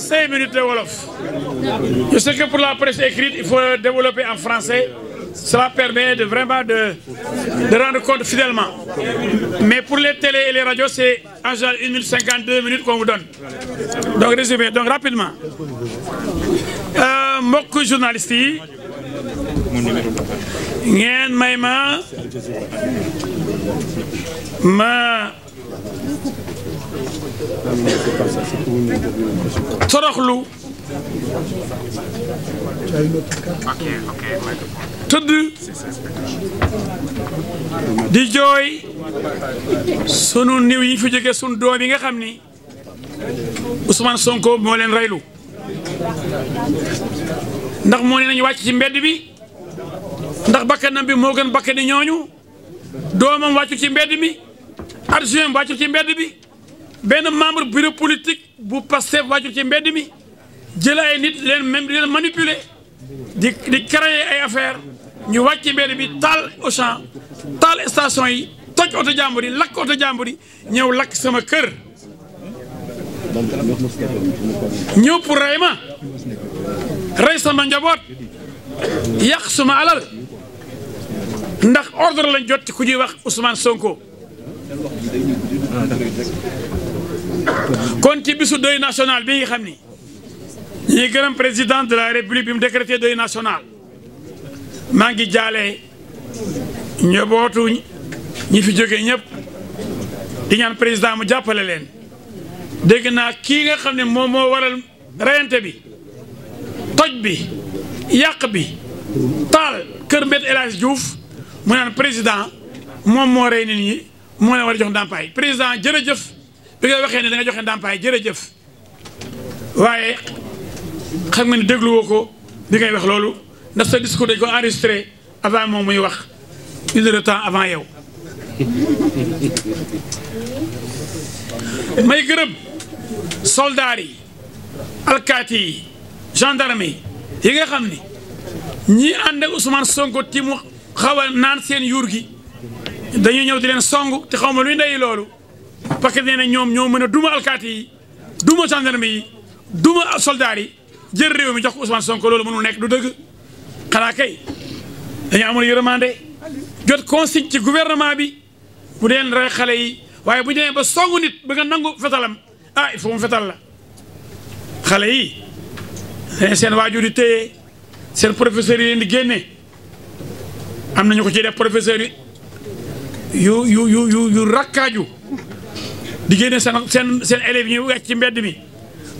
en cinq minutes pour la presse écrite, il faut développer en français. Cela vraiment de, de rendre compte Mais pour les télés les radios, c'est en général 1 minute 52 minutes qu'on vous donne. ngeen may ma ma toroxlu di jooy sunu néew yi fi jóge sunu doom yi nga xam ni Ousmane Sonko moo leen reylu ndax moo ne nañu wàcc ci mbedd bi ndax bakkanam bi moo gën bakkani ñooñu doomam wàccu ci mbedd mi adjoint wàccu ci mbedd bi benn membre bureau politique bu Pastef wàccu ci mbedd mi jël ay nit leen même di leen manipuler di di créer ay affaire ñu wàcc ci mbedd bi taal Auchan taal station yi toj oto jàmbur yi lakk oto yi ñëw lakk sama kër ñëpp rey ma rey sama njaboot yàq suma alal ndax ordre lañ jot ci ku ñuy wax Ousmane Sonko kon ci bisu deuil national bi nga xam ni ñuy gërëm président de la république bi mu décrété deuil national maa ngi jaale njabootu ñi fi jóge ñëpp di ñaan président mu jàppale leen dégg naa kii nga xam ne moom moo waral reyante bi toj bi yàq bi taal kër mbet El Hadji Diouf mu naan président moom moo rey nit ñi moo leen war a jox ndàmpaay président jërëjëf bi nga waxee ne da nga joxe ndàmpaay jërëjëf waaye xam nga ne dégluwoo ko bi ngay wax loolu ndax sa discours dañ ko enregistré avant moom muy wax une heure de temps avant yow may gërëm soldaar yi alkaati yi gendarme yi yi nga xam ni ñi ànd ak Ousmane Sonko ti mu xaw a naan seen yuur gi dañuy ñëw di leen song te xaw ma luy ndey loolu parce que nee na ñoom ñoo mën a duma alkaati yi duma gendarme yi duma soldaar yi jël réew mi jox ko Ousmane Sonko loolu mënul nekk du dëgg xanaa kay dañu amul yërmande jot consigne ci gouvernement bi bu deen rey xale yi waaye bu ñu demee ba songu nit ba nga nangu fetalam ah il faut fetal la xale yi eh, seen waajur yi téye seen professeurs yi leen di génne am nañu ko ci de professeurs yi yu yu yu rakkaaju di génne seen seen seen élèves yi ñu wàcc ci mbedd mi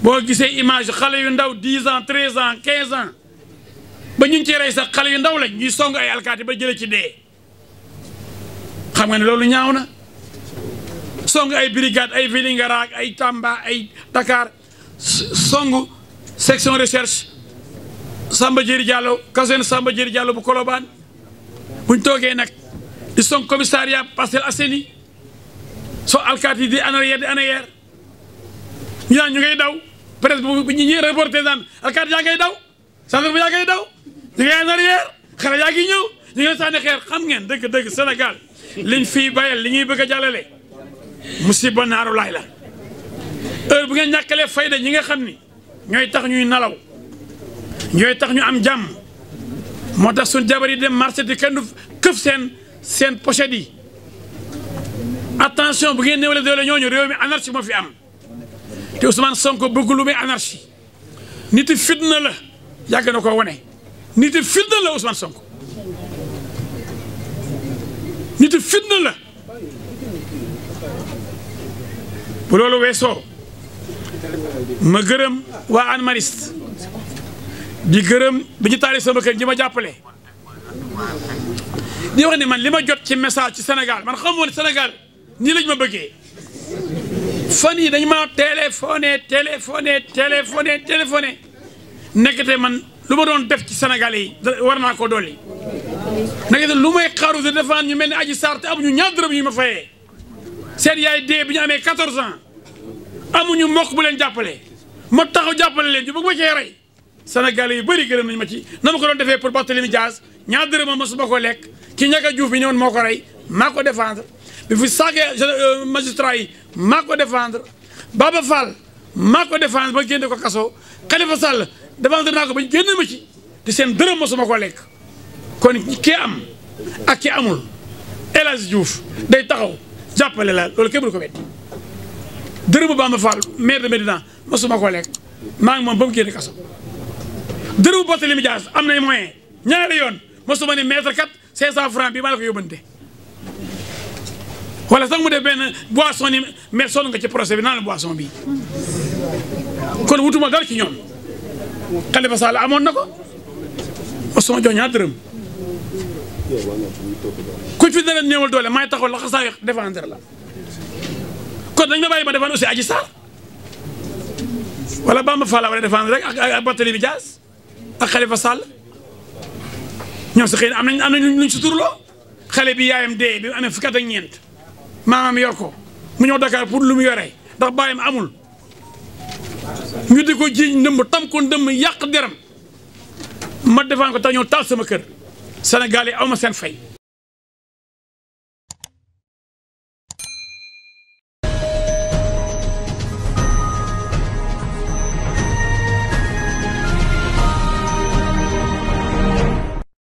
boo gisee image xale yu ndaw 10 ans 13 ans 15 an ba ñu ci sax xale yu ndaw lañ ngi song ay alkaati ba jëlee ci dee xam nga ne loolu ñaaw na song ay brigade ay Vélingara ay tàmba ay Dakar song section recherche Samba jëri Diallo caserne Samba Diéry Diallo bu Colobane buñ toogee nag di song commissariat Parcelles Assainies so alkaati di en arrière di en arrière ñu naan ñu ngay daw presse bu ñu ñuy reporté naan alkaati yaa ngay daw gendarme yaa ngay daw ñu ngay en arrière yaa ngi ñëw ñu ngay sànni xeer xam ngeen dëgg dëgg Sénégal liñ fii bayal li ñuy bëgg a jàllale musiba naaru laay la heure bu ngeen ñàkkalee fayda ñi nga xam ni ñooy tax ñuy nalaw ñooy tax ñu am jàmm moo tax suñ jabar yi dem marché di kenn du këf seen seen pochette yi attention bu ngeen néewale doole ñooñu réew mi anarchie moo fi am te Ousmane Sonko bëgg lu muy anarchie niti fitna la yàgg na ko wane niti fitna la Ousmane Sonko niti fitna la bu loolu weesoo ma gërëm waa Hann ji gërëm bi ñu taali sama kër ji ma jàppale di wax ni man li ma jot ci message ci Sénégal man xamoon senegal nii lañ ma bëggee fan yi dañ ma téléphoné téléphoné téléphoné téléphoné nekkate man lu ma doon def ci Sénégal yi war naa ko dolli nekkate lu may xaru di defaan ñu mel ni Adji Sarr te ñu ñaar dërëm yu ma fayee seen yaay dee bi ñu amee 14 ans amuñu mbokk bu leen jàppale ma taxaw jàppale leen ñu bëgg ma cee rey Sénégalais yu bëri gërëm nañu ma ci na ma ko doon defee pour Barthélémy Dias ñaar dërëm ma su ma ko lekk ci ñaka Diouf bi ñëwoon moo ko rey maa ko défendre bi fi saagee euh, magistrat yi maa ko baa ba Fall maa ko défendre ba génne ko kaso Khalifa Sall défendre naa ko ba génne ma ci te seen dërëm ma su ko lekk kon kii am ak ki amul El Hadj day taxaw. jàppale la loolu képp du ko weddi dërëmu Bamba Fall maire de Médina masuma koo lekk maa ngi moom ba mu génn kaso dërëmu Barthélémy Dias am nay moyen ñaari yoon masuma ne maître kat 500 francs bi maa la ko yóbbante wala sax mu def benn boisson ni mais sonn nga ci procès bi naan la boisson bi kon wutuma dara ci ñoom Khalifa amoon na ko masuma jox ñaar dërëm ku fi nawet néewal doole maay taxaw la xasaay défendre la kon dañ ma bàyyi ma défendre aussi Adji Sarr wala Bamba Fall la a défendre rek ak ak Barthélémy Dias ak Khalifa Sall ñoom si xëy na am nañ am nañ luñ suturloo xale bi yaayam dee bi mu amee fukki at ñeent maamam yor ko mu ñëw Dakar pour lu mu yoree ndax bàyyam amul ñu di ko jiiñ ndëmb tam ko ndëmb yàq deram ma defaan ko tax ñëw taal sama kër Sénégal yi aw ma seen fay.